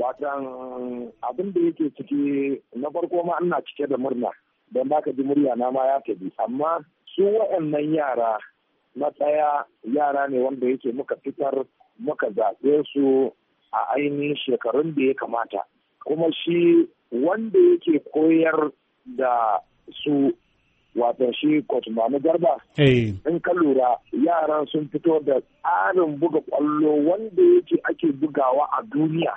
Watan abin da yake ciki na farko ma ana cike da murna don baka ji murya na ma ya tafi amma su waɗannan yara na tsaya yara ne wanda yake muka fitar muka zaɓe su a ainihin shekarun da ya kamata kuma shi wanda yake koyar da su wato shi mamu Garba. Eh. In ka lura yaran sun fito da tsarin buga ƙwallo wanda yake ake bugawa a duniya.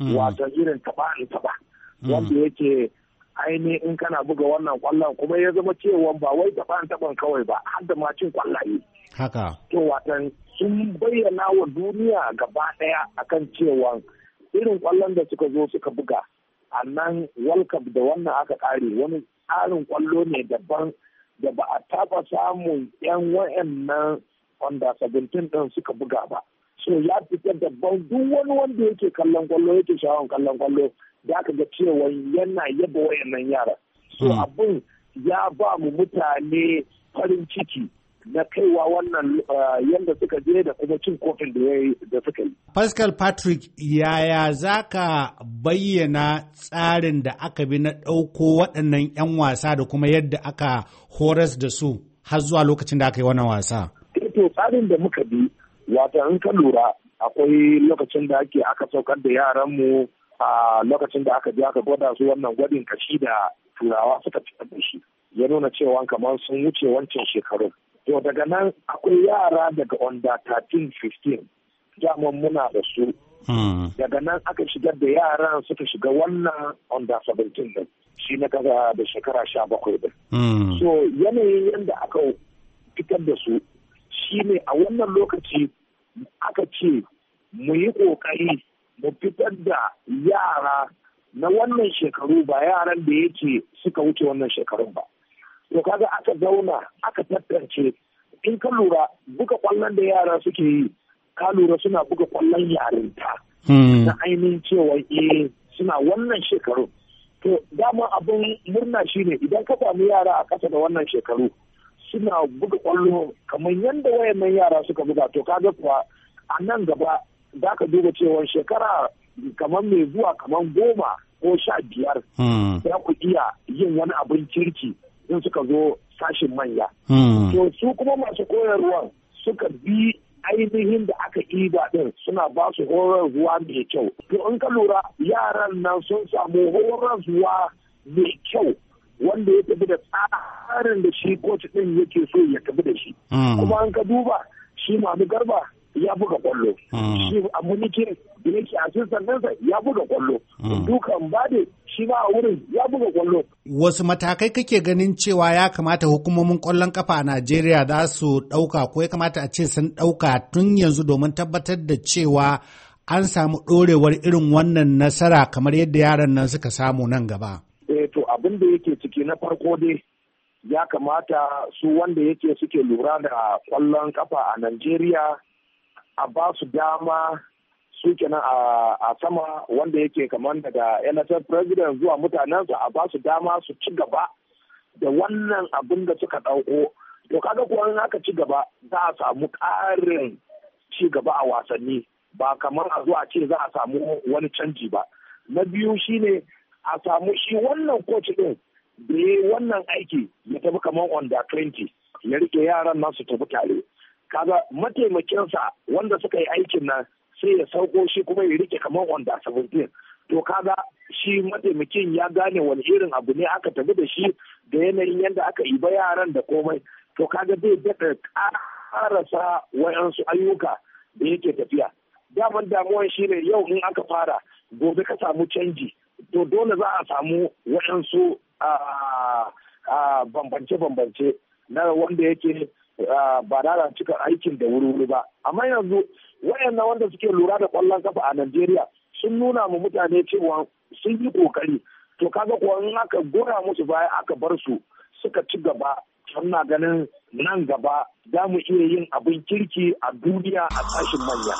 Mm. wato irin taba in taba mm. wanda yake ainihin in kana buga wannan kwallon kuma ya zama cewa ba wai taba in taban kawai ba har da macin kwallaye haka to wato sun bayyana wa duniya gaba daya akan cewa irin kwallon da suka zo suka buga a nan da wannan aka kare wani tsarin kwallo ne daban da ba a taba samun yan wa'annan wanda 17 din suka buga ba so ya fita daban duk wani wanda yake kallon kwallo yake shawon kallon kwallo da aka ga cewa yana yaba wayannan yara so hmm. abin ya ba mu mutane farin ciki na kaiwa wannan eh, yadda suka je da kuma cin kofin da ya yi da suka yi. Pascal Patrick yaya za ka bayyana tsarin da aka bi na ɗauko waɗannan 'yan wasa da kuma yadda aka horas da su har zuwa lokacin da aka yi wannan wasa? Eh, to tsarin da muka bi wata in ka lura akwai lokacin da ake aka saukar da yaranmu a lokacin da aka je aka gwada su wannan gwadin kashi da turawa suka ci da shi ya nuna cewa kamar sun wuce wancan shekaru. to daga nan akwai yara daga Onda 13 15 daman muna da su hmm. daga nan aka shigar da yaran suka shiga wannan Onda 17 din shi na kasa da shekara 17 din hmm. so yanayin yadda aka fitar da su shi ne a wannan lokaci aka ce mu yi ƙoƙari mu fitar da yara na wannan shekaru ba yaran da yake suka wuce wannan shekarun ba. To kaga aka zauna aka tattance in ka lura buga kwallon da yara suke yi ka lura suna buga kwallon yarinta. Hmm. Na ainihin cewa eh suna wannan shekaru. To dama abin murna shine idan ka samu yara a ƙasa da wannan shekaru suna buga kwallo kamar yadda wayannan yara suka buga to kaga kuwa a nan gaba za ka duba cewa shekara kamar mai zuwa kamar goma ko sha biyar hmm. za ku iya yin wani abin kirki in suka zo sashin manya. Hmm. To su kuma masu koyarwa suka bi ainihin da aka iba ɗin suna ba su zuwa mai kyau. To in ka lura yaran nan sun samu horar zuwa mai kyau wanda ya tafi da tsarin da shi ko ɗin yake so ya tafi da shi mm. kuma an ka duba shi Mamu Garba ya buga kwallo mm. shi Abu Nikin da yake assistant ɗinsa ya buga kwallo mm. dukan bade shi ma a wurin ya buga kwallo wasu matakai kake ganin cewa ya kamata hukumomin kwallon kafa a Najeriya za su ɗauka ko ya kamata a ce sun ɗauka tun yanzu domin tabbatar da cewa an samu ɗorewar irin wannan nasara kamar yadda yaran nan suka samu nan gaba. to abin da yake ciki na farko dai ya kamata su wanda yake suke lura da kwallon kafa a Najeriya a ba su dama su kenan a sama wanda yake kamar daga NSF president zuwa mutanensa a ba su dama su ci gaba da wannan abin da suka ɗauko. To kaga kuwa in aka ci gaba za a samu ƙarin ci gaba a wasanni ba kamar a zuwa ce za a samu wani canji ba. Na biyu shine a samu shi wannan coach din da ya wannan aiki ya tafi kamar under 20 ya rike yaran nasu tafi tare kaga mataimakinsa wanda suka yi aikin nan sai ya sauko shi kuma ya rike kamar under 17 to kaga shi mataimakin ya gane wani irin abu ne aka tafi da shi da yanayin yadda aka iba yaran da komai to kaga zai daɗa ƙarasa wayansu ayyuka da yake tafiya daman damuwan shi ne yau in aka fara gobe ka samu canji to dole za a samu waɗansu bambance-bambance na wanda yake ba da cika aikin da wuri-wuri ba amma yanzu waɗannan wanda suke lura da ƙwallon kafa a najeriya sun nuna mu mutane cewa sun yi ƙoƙari to kaga kuwa in aka gora musu baya aka bar su suka ci gaba na ganin nan gaba za mu iya yin abin kirki a duniya a tashin manya